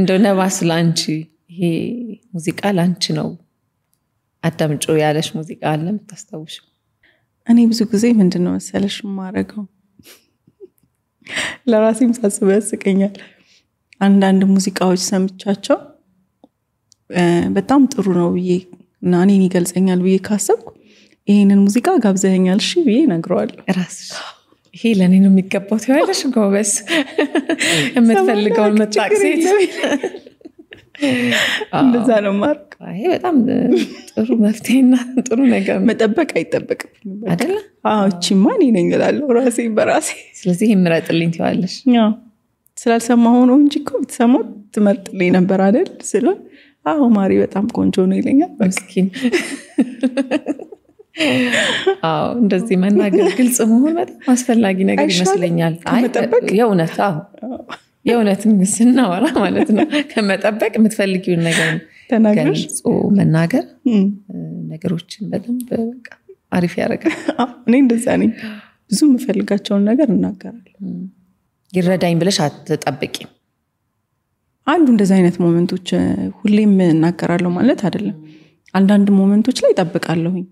እንደሆነ ነባስ ለአንቺ ይሄ ሙዚቃ ለአንቺ ነው አዳምጮ ያለሽ ሙዚቃ አለ የምታስታውሽ? እኔ ብዙ ጊዜ ምንድን ነው መሰለሽ የማረገው ለራሴም ሳስበው ያስቀኛል። አንዳንድ ሙዚቃዎች ሰምቻቸው በጣም ጥሩ ነው ብዬ እና እኔን ይገልጸኛል ብዬ ካሰብኩ ይህንን ሙዚቃ ጋብዘኛል እሺ ብዬ እነግረዋለሁ ይሄ ለእኔ ነው የሚገባው ትያለሽ። ጎበዝ የምትፈልገውን መጣቅ ሴት እንደዛ ነው ማርክ። ይሄ በጣም ጥሩ መፍትሄና ጥሩ ነገር መጠበቅ አይጠበቅብኝ አይደለ? እቺማ እኔ ነኝ እላለሁ ራሴ በራሴ። ስለዚህ የምረጥልኝ ትዋለሽ። ስላልሰማሁ ነው እንጂ እኮ ብትሰማ ትመርጥልኝ ነበር አይደል? ስለ አዎ ማሪ በጣም ቆንጆ ነው ይለኛል። ምስኪን አዎ እንደዚህ መናገር ግልጽ መሆን በጣም አስፈላጊ ነገር ይመስለኛል። የእውነት አዎ፣ የእውነት ስናወራ ማለት ነው። ከመጠበቅ የምትፈልጊውን ነገር ገልጾ መናገር ነገሮችን በደንብ አሪፍ ያደርጋል። እኔ እንደዛ ነኝ። ብዙ የምፈልጋቸውን ነገር እናገራለሁ። ይረዳኝ ብለሽ አትጠብቂም። አሉ እንደዚህ አይነት ሞመንቶች ሁሌም እናገራለሁ ማለት አይደለም። አንዳንድ ሞመንቶች ላይ ጠብቃለሁኝ